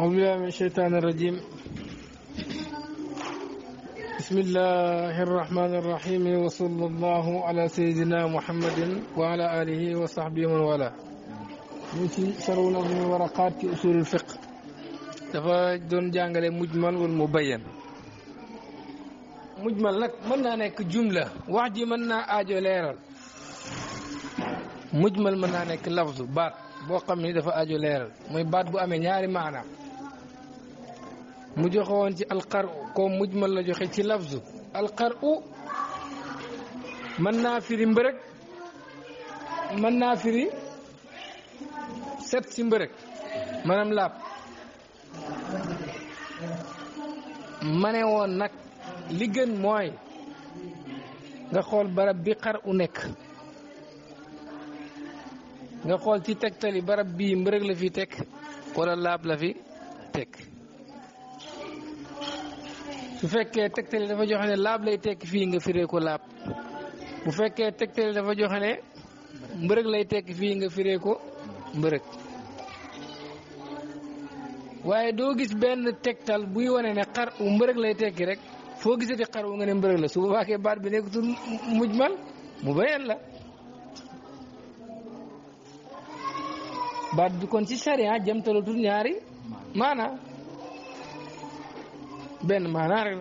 أعوذ بالله من الشيطان الرجيم بسم الله الرحمن الرحيم وصلى الله على سيدنا محمد وعلى آله وصحبه من والاه نسي سرونا من ورقات أصول الفقه دفا دون جانغالي مجمل والمبين مجمل لك من نك جملة وعدي من آجو ليرال مجمل من نك لفظ بات بو خامي دا فا اديو لير موي بات بو امي نياري معنى mu joxoon ci alqar ko mujmal la joxe ci lafzu alqar u mën naa firi mbërëg mën naa firi set si mbërëg maanaam laab ma ne woon nag li gën mooy nga xool barab bi xar u nekk nga xool ci tegtali barab bii mbërëg la fi teg wala laab la fi bu fekkee tegtali dafa joxe ne laab lay tekki fii nga firee ko laab bu fekkee tegtali dafa joxe ne mbërëg lay tekki fii nga firee ko mbërëg waaye doo gis benn tegtal buy wane ne xar u mbërëg lay tekki rek foo gisati xar wu nga ne mbërëg la su boobaa kee baat bi nekkatul mujmal mu bayeen la baat bi kon ci sariya jëmtalatul ñaari maana benn maanaa rek la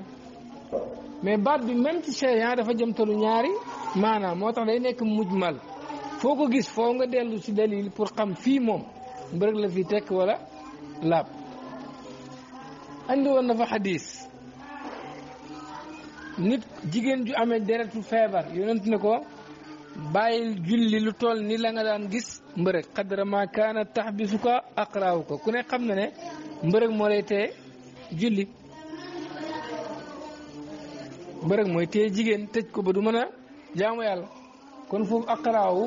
mais baat bi même ci sharia dafa jëmtalu ñaari maanaam moo tax day nekk mujmal foo ko gis foo nga dellu si dalil pour xam fii moom mbërëg la fi tekk wala laab andi woon na fa xadis nit jigéen ju amee deretu feebar yonent ne ko bàyyil julli lu toll ni la nga daan gis mbërëg xadra ma kaana tax bi su ko aqraawu ko ku ne xam na ne mbërëg moo lay tee julli bërëg mooy téye jigéen tëj ko ba du mën a jaamu yàlla kon foofu aqraawu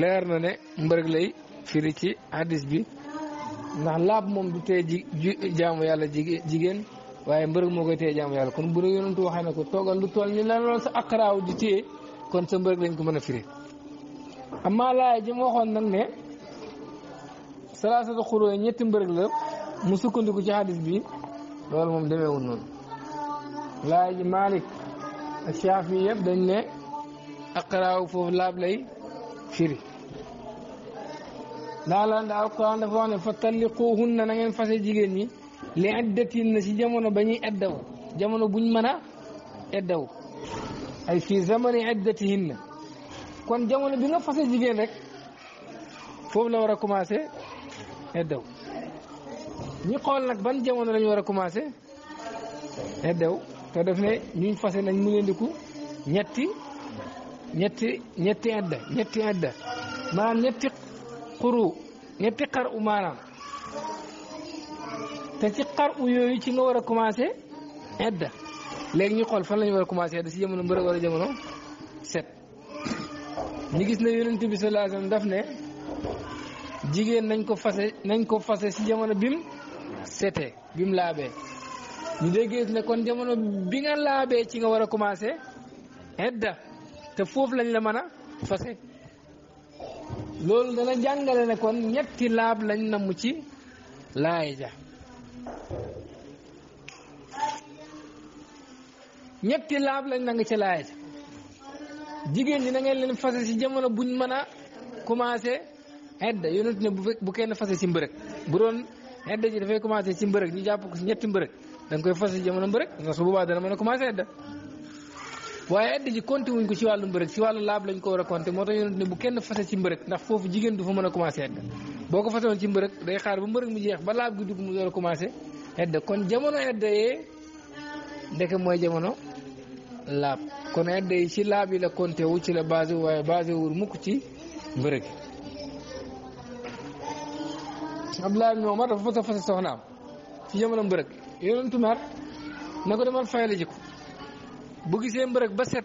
leer na ne mbërëg lay firi ci hadis bi ndax laab moom du téye ji jaamu yàlla jigéen waaye mbërëg moo koy téye jaamu yàlla kon bu la yonentu waxee ne ko toogal du toll ni la lool di téye kon sa mbërëg lañ ko mën a firi amaa laay ji ma waxoon nag ne salaasatu xuroo ñetti mbërëg la mu sukkandiku ci hadis bi loolu moom demeewul noonu laay ji Malik ak Saafi yëpp dañ ne aqraaw foofu laab lay firi ndaa laan da alquran dafa wax ne fa talliquhunna na ngeen fase jigéen ñi li iddatin na si jamono ba ñuy eddaw jamono buñ mën a eddaw ay fii zamani iddatihinna kon jamono bi nga fase jigéen rek foofu la war a commencé eddaw ñu xool nag ban jamono lañu war a commencé eddaw te def ne ñuñ fase nañ mu leen diku ñetti ñetti ñetti adda ñetti adda maanaam ñetti xuru ñetti xar u te ci xar yooyu ci nga war a commencé adda léegi ñu xool fan lañu war a commencé adda si jamono mbërë jamono set gis ne yonent bi sallallahu alayhi wasallam daf ne jigéen nañ ko fase nañ ko fase si jamono bim setee bim laabee ñu déggee ne kon jamono bi nga laabee ci nga war a commencer edda te foofu lañ la mën a fase loolu dana jàngale ne kon ñetti laab lañ namm ci laay ja ñetti laab lañ nang ci laay ja jigéen ñi na ngeen leen fase si jamono bu ñu mën a commencé edda yonent ne bu kenn fase si mbërëg bu doon edda ji dafay commencé ci mbërëg ñu jàpp ko si ñetti mbërëg da nga koy fas jamono mbërëg ndax su boobaa dana mën a commencé edda waaye edda ji compté wuñ ko ci wàllu mbërëg ci wàllu laab lañ ko war a compté moo tax yonent ne bu kenn fase ci mbërëg ndax foofu jigéen du fa mën a commencé edda boo ko fasoon ci mbërëg xaar ba mbërëg mu jeex ba laab gi dugg mu kon jamono edda yee mooy jamono laab kon edda ci laab yi la compté wu ci la basé waaye basé wul mukk ci mbërëg Abdullah ibn Omar dafa fas a fase soxnaam jamono mbërëg yonentu mer na ko demal fayal ji ko bu gisee mbërëg ba set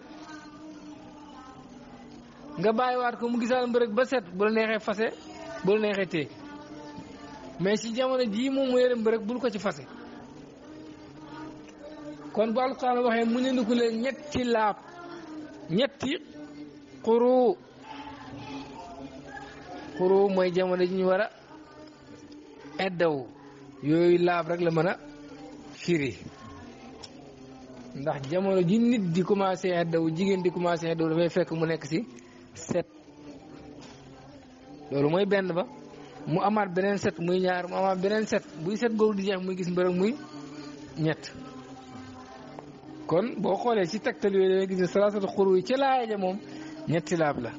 nga bàyyi waat ko mu gisaan mbërëg ba set bu la neexee fase bu la neexee téye mais ci jamono jii moom mu yore mbërëg bul ko ci fase kon bu alquran waxee mu ne ndiku leen ñetti laab ñetti xuru xuru mooy jamono ji ñu war a eddaw yooyu laab rek la mën a firi ndax jamono ji nit di commencé xeddaw jigéen di commencé xeddaw dafay fekk mu nekk ci set loolu mooy benn ba mu amaat beneen set muy ñaar mu amaat beneen set buy set googu di jeex muy gis mbërëg muy ñett kon boo xoolee ci tegtal yooyu dangay gis ne salaasatu xuru yi ca laaya moom ñetti laab la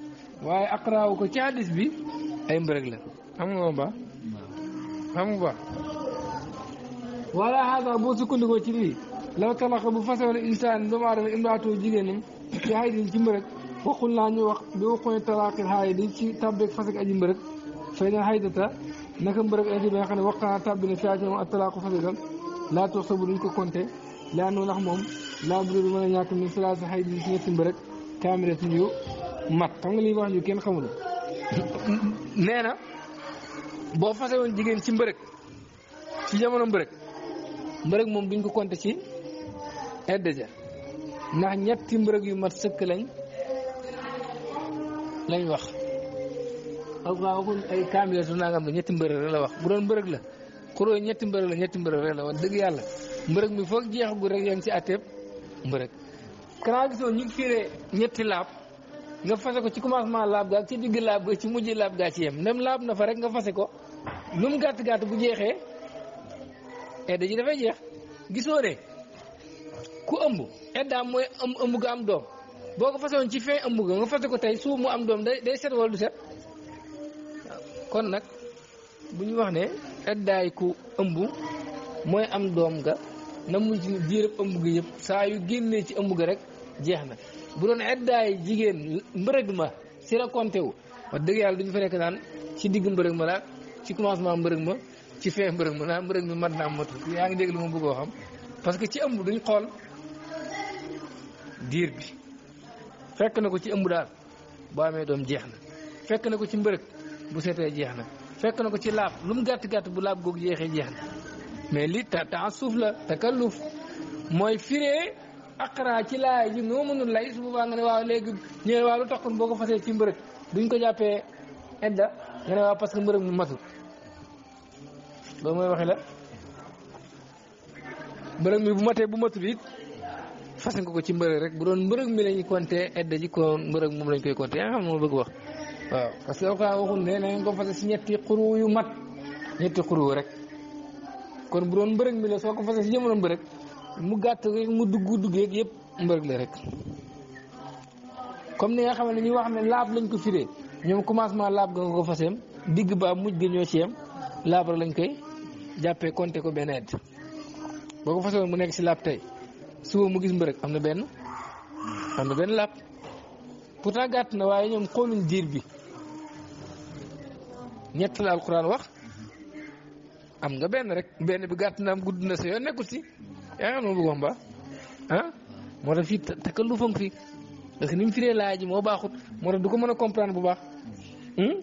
waaye aqraawu ko ci hadis bi ay mbërëg la xam nga ba xam nga ba wala hada boo sukkandikoo ci lii law talaqa bu fasoo ne insaan doomu aadama imraatoo jigéenam ci haydin ci mbërëg waxul naa ñu wax bi waxuñu talaaqil haayidi ci tabbeeg fas ak aji mbërëg fay na haydata naka mbërëg aji bi nga xam ne waqaa tabbi na fiyaa ci moom ak talaaqu fasagam laa toog sa bu duñ ko compté laa noonu ndax moom laa bu du mën a ñàkk min salaasa haydin ci ñetti mbërëg kaamilat yu mat xam lii wax yu kenn xamul nee na boo fase woon jigéen ci mbërëg ci mbërëg moom duñ ko compter ci integer ndax ñetti mbërëg yu mat sëkk lañ lañ wax alxuraan waxul ay kaamil su nangam la ñetti mbërëg rek la wax bu doon mbërëg la xuroo ñetti mbërëg la ñetti mbërëg rek la wax dëgg yàlla mbërëg mi foog jeexagul rek yem ci àtteeb mbërëg kanaa gisoo ñu ngi fiiree ñetti laab nga fase ko ci commencement laab ga ci digg laab ga ci mujj laab gaa ci yem nem laab na fa rek nga fase ko lu mu gàtt bu jeexee edda ji dafay jeex gisoo ne ku ëmb eddaam mooy ëmb ëmb ga am doom boo ko fasoon ci fin ëmb ga nga fase ko tey su mu am doom day day set wala du set kon nag bu ñu wax ne eddaay ku ëmb mooy am doom ga na mu ci diirëb ëmb ga yëpp saa yu génnee ci ëmb ga rek jeex na bu doon eddaay jigéen mbërëg ma si raconté wu wax dëgg yàlla du ñu fa nekk naan ci digg mbërëg ma la ci commencement mbërëg ma ci fee mbërëg ma naa mbërëg mu mat naa matu yaa ngi dégg lu ma bëggoo xam parce que ci ëmb duñ xool diir bi fekk na ko ci ëmb daal boo amee doom jeex na fekk na ko ci mbërëg bu seetee jeex na fekk na ko ci laab lu mu gàtt gàtt bu laab googu jeexee jeex na mais li ta taasuf la takalluf mooy firee aqra ci laay ji noo mënul lay su boobaa nga waaw léegi ñëwe waaw lu taxoon boo ko fasee ci mbërëg duñ ko jàppee edda nga ne waaw parce que mbërëg mu matul loolu mooy waxi la mbërëg mi bu matee bu matul it fas nga ko ci mbërëg rek bu doon mbërëg mi lañu compté edda ji moom lañ koy compté yaa nga wax waaw que alxuraan si ñetti xuru yu mat ñetti rek kon bu doon mbërëg mi la soo ko mu gàtt rek mu dugg duggeeg yëpp mbërëg la rek comme ni nga xam ne ñu wax ne laab lañ ko firee ñoom commencement laab ga nga ko faseem digg ba mujj ga ñoo ci laab lañ koy jàppee compter ko benn boo ko fasoon mu nekk ci laab tey suba mu gis mbërëg am na benn xam na benn laab pourtant gàtt na waaye ñoom xooluñ diir bi ñett la alquran wax am nga benn rek benn bi gàtt na am gudd na sa yoon nekkul si yaa ngi noonu bëgg mbaa ah moo mu moo baaxut moo du ko mën a comprendre bu baax hmm?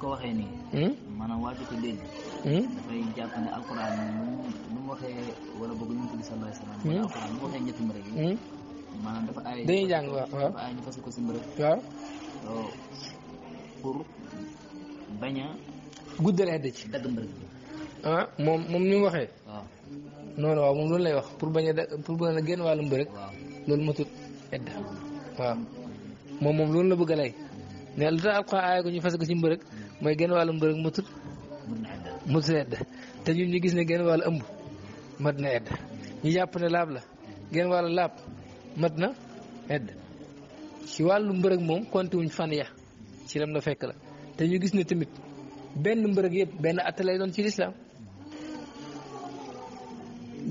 ko waxee nii. Hmm? waa hmm? jot wa hmm? hmm? dañuy jàng waaw dafa aay ñu fas ah, moom moom ni mu waxee. waaw noonu waaw moom loolu lay wax pour bañ a da pour bañ a génn wàllu loolu matut edda waaw moom moom loolu la bëgga lay. ne lu tax alxuraan aaya ko ñu fas ko ci mbërëg mooy genn wàllu mbërëg mutut mutut edd te ñun ñu gis ne genn wàllu ëmb mat na edd ñu jàpp ne laab la genn wàll laab mat na edd ci wàllu mbërëg moom konti wuñ fan ya ci lam la fekk la te ñu gis ne tamit benn mbërëg yëpp benn atta lay doon ci lislaam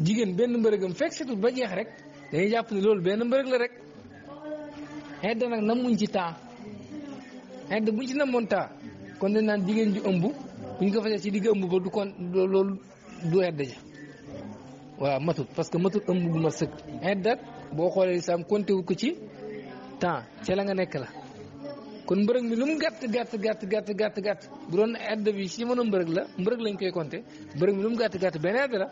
jigéen benn mbërëgam fekk setul ba jeex rek dañuy jàpp ne loolu benn mbërëg la rek edd nag namuñ ci temps xedd bu ci namoon taa kon dañ naan jigéen ju ëmb bu ñu ko fasee ci digg ëmb ba du kon loolu du xedd ja waaw matut parce que matut ëmb bu ma sëkk xeddat boo xoolee lislaam compté wu ko ci temps ca la nga nekk la kon mbërëg mi lu mu gàtt gàtt gàtt gàtt gàtt bu doon edd bi si mën a mbërëg la mbërëg lañ koy compté mbërëg mi lu mu gàtt gàtt benn edd la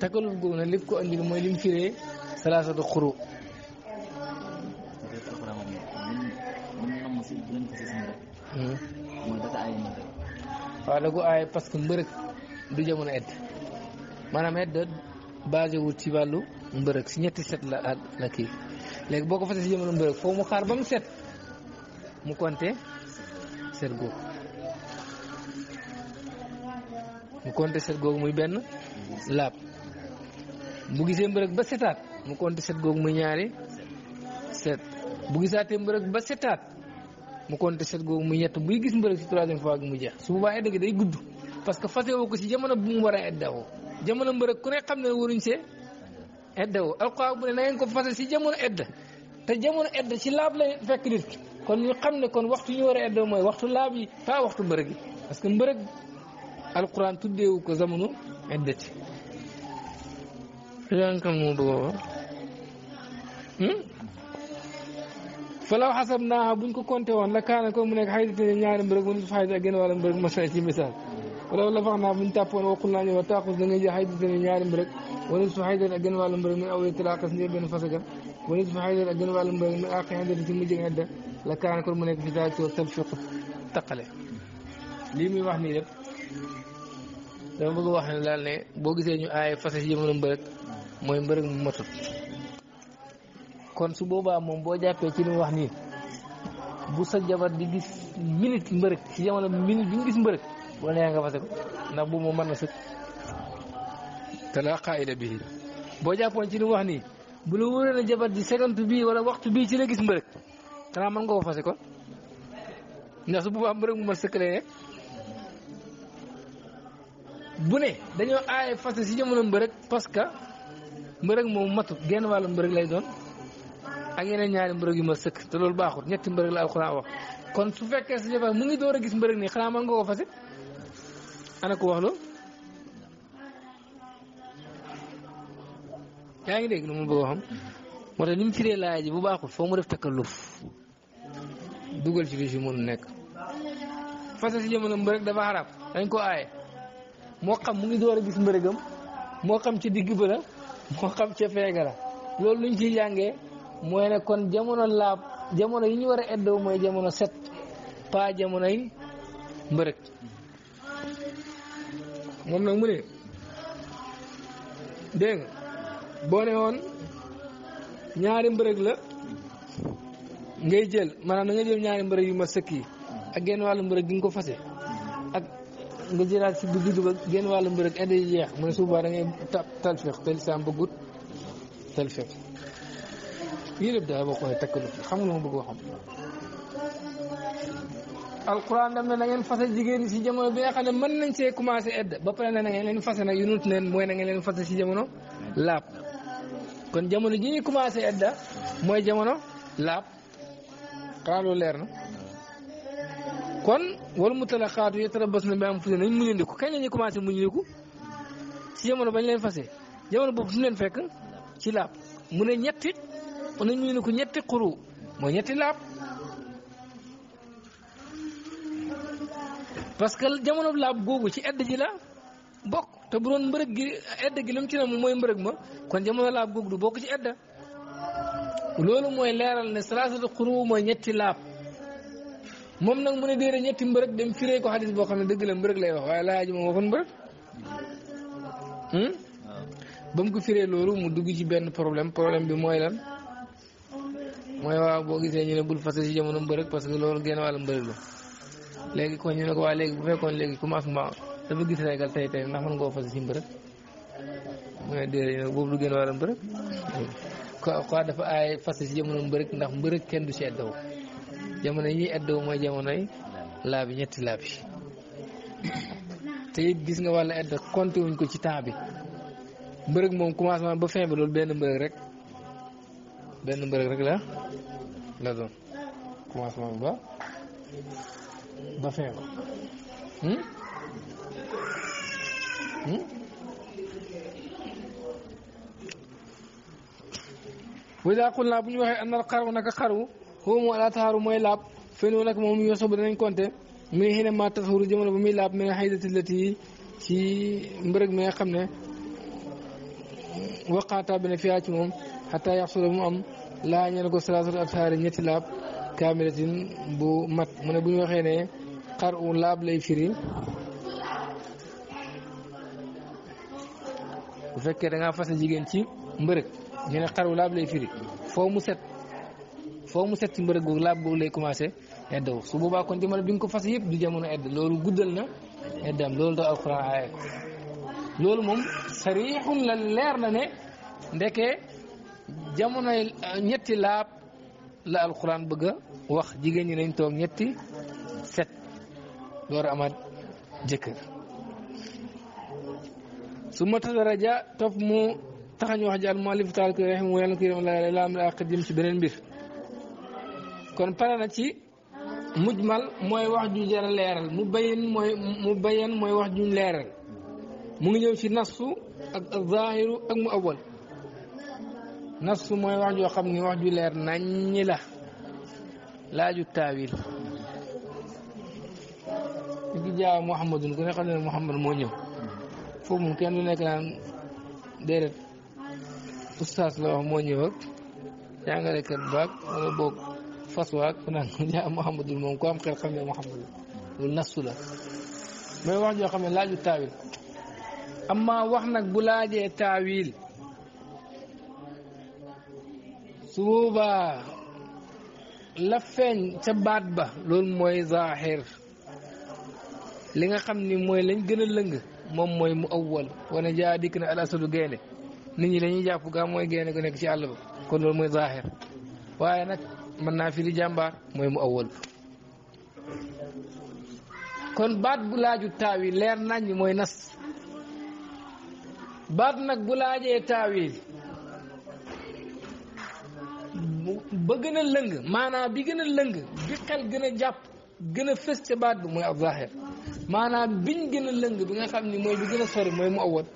takalul googu nag li ko andil mooy lim firee salaasatu xuru waaw da ko aaye parce que mbërëg du jamono edd maanaam edd basé wut ci wàllu mbërëg si ñetti set la la kii léegi boo ko fasee si jamono mbërëg foo mu xaar ba mu set mu konte set googu mu muy benn laab bu gisee mbërëg ba setaat mu konte set googu muy ñaari set bu gisaatee mbërëg ba setaat mu compter set googu muy ñett buy gis mbërëg si troisième fois gi mu jeex su boobaa idda gi day gudd parce que fase ko si jamono bu mu war a iddawoo jamono mbërëg ku ne xam ne waruñ see iddawoo alxuraan bu ne ko si jamono idda te jamono idda si laab la fekk kon ñu xam ne kon waxtu ñu war a iddawoo mooy waxtu laab yi pas waxtu mbërëg yi parce que mbërëg alxuraan tuddeewu ko jamono iddati yaa ngi xam mu bëgg a wax hmm? falaw xasab naaxa buñ ko compté woon la kaana ko mu nekk xaydate ne ñaari mbërëg mu nekk xaydate ak genn wàllu mbërëg masala ci misaal wala la fax naa buñ tàppoon waxul naa ñëw wa taaxus da ngay jël xaydate ne ñaari mbërëg wala su xaydate ak genn wàllu mbërëg min awee talaqas ñëw benn fasaga wala su xaydate ak genn wàllu mbërëg min àqi xaydate ci mujj edda la kaana ko mu nekk fi daal ci talfiq taqale lii muy wax nii lépp dama bëgg wax ne daal ne boo gisee ñu aaye fasa ci jamono mbërëg mooy mbërëg mu matut kon su boba mom bo jappé ci ni wax ni bu sa jabar di gis minute mbeureuk ci jamono minute bi gis mbeureuk wala yaa nga fase ko ndax bu moom man na sëkk tala laa bi boo jàppoon ci ni wax ni bu lu wone na jabar di seconde bi wala waxtu bi ci la gis mbeureuk xanaa man nga ko fase kon na su boba mbeureuk mu ma sëkk bu ne dañoo aaye fase si jamono mbeureuk parce que mbeureuk moom matu genn walu mbeureuk lay doon ak yeneen ñaari mbërëg yu ma sëkk te loolu baaxut ñetti mbërëg la alxuraan wax kon su fekkee sa jabar mu ngi door a gis mbërëg nii xanaa nga ko fase ana wax loolu yaa ngi dégg lu mu bëgg a xam moo tax mu bu baaxul foo mu def takkaluf dugal ci li si mënu nekk fase si jamono mbërëg dafa xarab dañ ko aaye moo xam mu ngi door a gis mbërëgam moo xam ci digg ba la moo xam ca feega la loolu luñ ciy jàngee mooy ne kon jamono laab jamono yi ñu war a eddoo mooy jamono set pas jamono yi mbërëg moom nag mu ne dégg nga boo ne woon ñaari mbërëg la ngay jël maanaam da nga jël ñaari mbërëg yu ma sëkk yi ak genn wàllu mbërëg gi nga ko fase ak nga jëlaat si dugg juddu ba genn wàllu mbërëg edd jeex mu ne suubaa da ngay tal fex te lislaam bëggut tal fex yërëb boo ko xam nga lu ma bëgg waxam alquran dam ne na ngeen fase jigéen ñi si jamono bi nga xam ne mën nañ see commencé edd ba pare na ngeen leen fase nag yu nut neen mooy na ngeen leen fase si jamono laab kon jamono ji ñu commencé edda mooy jamono laab xanaa loolu leer na kon wal mutalaqaatu yatarabbasna bi anfusihinna nañ muñandiku kañ la ñuy commencé muñandiku si jamono bañ leen fase jamono boobu suñu leen fekk ci laab mu ne ñett it wala ñu ne ko ñetti xuru mooy ñetti laab parce que jamono laab googu ci edd ji la bokk te bu doon mbërëg gi edd gi lim ci ne mooy mbërëg ma kon jamono laab googu du bokk ci edda loolu mooy leeral ne salaasatu xuru mooy ñetti laab moom nag mu ne déere ñetti mbërëg dem firee ko xadis boo xam ne dëgg la mbërëg lay wax waaye laa ji moom waxoon mbërëg hmm? ah. ba ko firee loolu mu dugg ci benn problème problème bi mooy lan mooy waaw boo gisee ñu ne bul fase si jamono mbërëg parce que loolu genn wàllu mbërëg la léegi kon ñu ne ko waa léegi bu fekkoon léegi commencement dafa gis régal tey tey ndax mën ngoo fase boobu du genn wàllu mbërëg dafa aay fase si jamono mbërëg ndax mbërëg kenn du si eddow jamono yi ñuy eddow mooy jamonoy laabi ñetti laabi te gis nga wàllu edd wuñ ko ci temps bi mbërëg moom commencement ba fin bi loolu benn mbërëg rek benn mbërëg rek la la doon commencement ba ba fin ba hmm? Hmm? wa ida qul naa bu ñu waxee an al xaru naka xaru xoo mu ala taxaru mooy laab fenoo nag moom yoso bu danañ compté mi ngi xëy na maa tasawuru jamono bu laab mi ngi lati ci mbërëg mi nga xam ne waqaataa bene fiyaa ci moom xataa yaxsula mu am laa ñeel ko salaatul athaari laab kaamilatin bu mat mu ne bu ñu waxee ne xar u laab lay firi bu jigéen ci mbërëg ñu ne xar u laab lay foo mu set foo mu set ci mbërëg googu laab googu lay commencé eddaw su boobaa kon jamono bi nga ko fas yëpp du jamono edd loolu guddal na eddam loolu da alquran aaye loolu moom sariixun la leer na ne ndeke jamonoy euh, ñetti laab la alquran bëgg a wax jigéen ñi nañ toog ñetti set door a amaat jëkkër su ma tadaraja topp mu taxañ wax ji almuallif taal ko raximu yàlla ko yërëm la ilaam la àq ci beneen mbir kon pare na ci mujmal mooy wax ju jara leeral mu bayan mooy mu bayan mooy wax juñ leeral mu ngi ñëw ci nasu ak zahiru ak mu awal نفس ما يوعد يقام يوعد لير نانيلا لا جو تاويل دي جا محمد كون خال محمد مو نيو فو ممكن نيك نان ديرت استاذ لا مو نيو جانغال كات باك ولا بوك فاسوا كون نان جا محمد مو كو ام خير خام محمد لو نفس لا ما يوعد يقام لا جو تاويل اما واخ نك بلاجي تاويل su boobaa la ca baat ba loolu mooy zaaxir li nga xam ni mooy lañ gën a lëng moom mooy mu awwal wane jaa dikk na al gaynde nit ñi lañuy jàpp gaa mooy gaynde gu nekk ci àll ba kon loolu mooy zaaxir waaye nag mën naa firi jàmbaar mooy mu awwal kon baat bu laaju taawi leer nañ mooy nas baat nag bu laajee taawi ba gën a lëng maanaam bi gën a lëng bi xel gën a jàpp gën fës ca baat bi mooy ab zahir maanaam biñ gën a lëng bi nga xam ni mooy bi gën a sori mooy mu awwat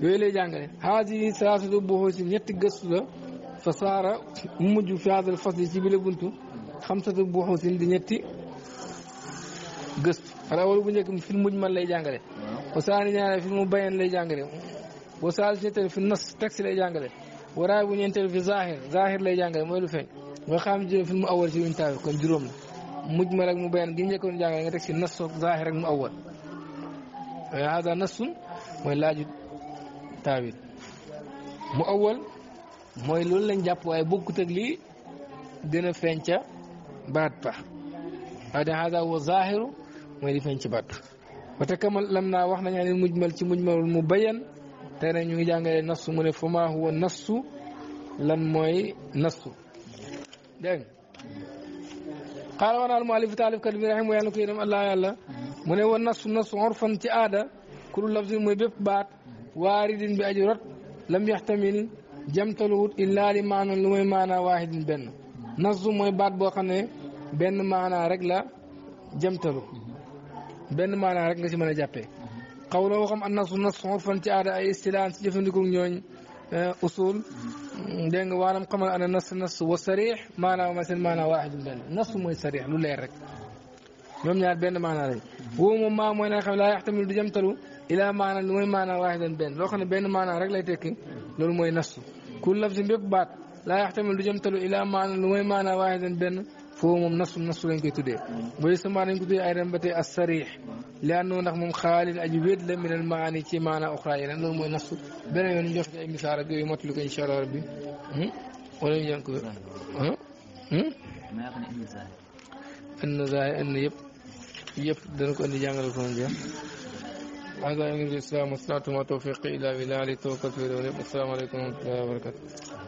yooyu lay jàngale haasi salaasatu boo si ñetti gëstu la fa saara mu mujj fi haasal fasli ci bi la buntu xamsatu boo si di ñetti gëstu alawal bu njëkk fi mujj man lay jàngale wasaani ñaare fi mu bayan lay jàngale wasaani ñetteel fi nas texte lay jàngale waraay wu ñeenteel fi zahir zahir lay jàngale mooy lu feeñ mooy xam jël fi mu awal ci luñ taawi kon juróom la mujj ma rek mu bayan gi njëkkoon jàngale nga teg si nas soog zahir rek mu awal hada nasun mooy laaju taawil mu awal mooy loolu lañ jàpp waaye bokkut ak lii dina feeñ ca baat ba hada hada wa zahiru mooy di feeñ ci baat ba lam naa wax nañu ne mujmal ci mujmalul mu bayan tey nag ñu ngi jàngale nassu mu ne fu maa huwa nassu lan mooy nassu dégg nga xaaral wana al muallif taalifkat bi raximu yàlla ko yërëm allah yàlla mu ne wa nassu nassu orfan ci baat boo xam ne benn maana rek la jamtalu benn maana rek nga ci mën a jàppee xaw la waxam an nasu nas fan ci aada ay istilaan ci jëfandikoo ñooñ eh, usul dégg nga waalam xamal ana nas nas wa sarix maanaam ma seen maanaam waaxidun benn nas mooy sarix lu leer rek ñoom ñaar benn maanaa lañ woowu moom maa mooy na nga xam ne laa yaxtamil du jëmtalu ilaa maanaam lu mooy maanaam waaxidan benn loo xam ne benn maanaam rek lay tekki loolu mooy nas ku lafsi bépp baat laa yaxtamil du jëmtalu ilaa maanaam lu mooy maanaam waaxidan benn فهو من نص النص لين كي تدي بس ما لين كده أيام بتي السريح لأنه نحن من خال الأجود لم من المعاني كي معنا أخرى يعني لو من نص بنا ينجح في أي مسار بيو يموت لك إن شاء الله ربي ولا ينجح ها ما يغني إن يب يب دنك أني جانغ الفون جا هذا يعني السلام والصلاة والتوفيق إلى بلال توكل في السلام عليكم ورحمة الله وبركاته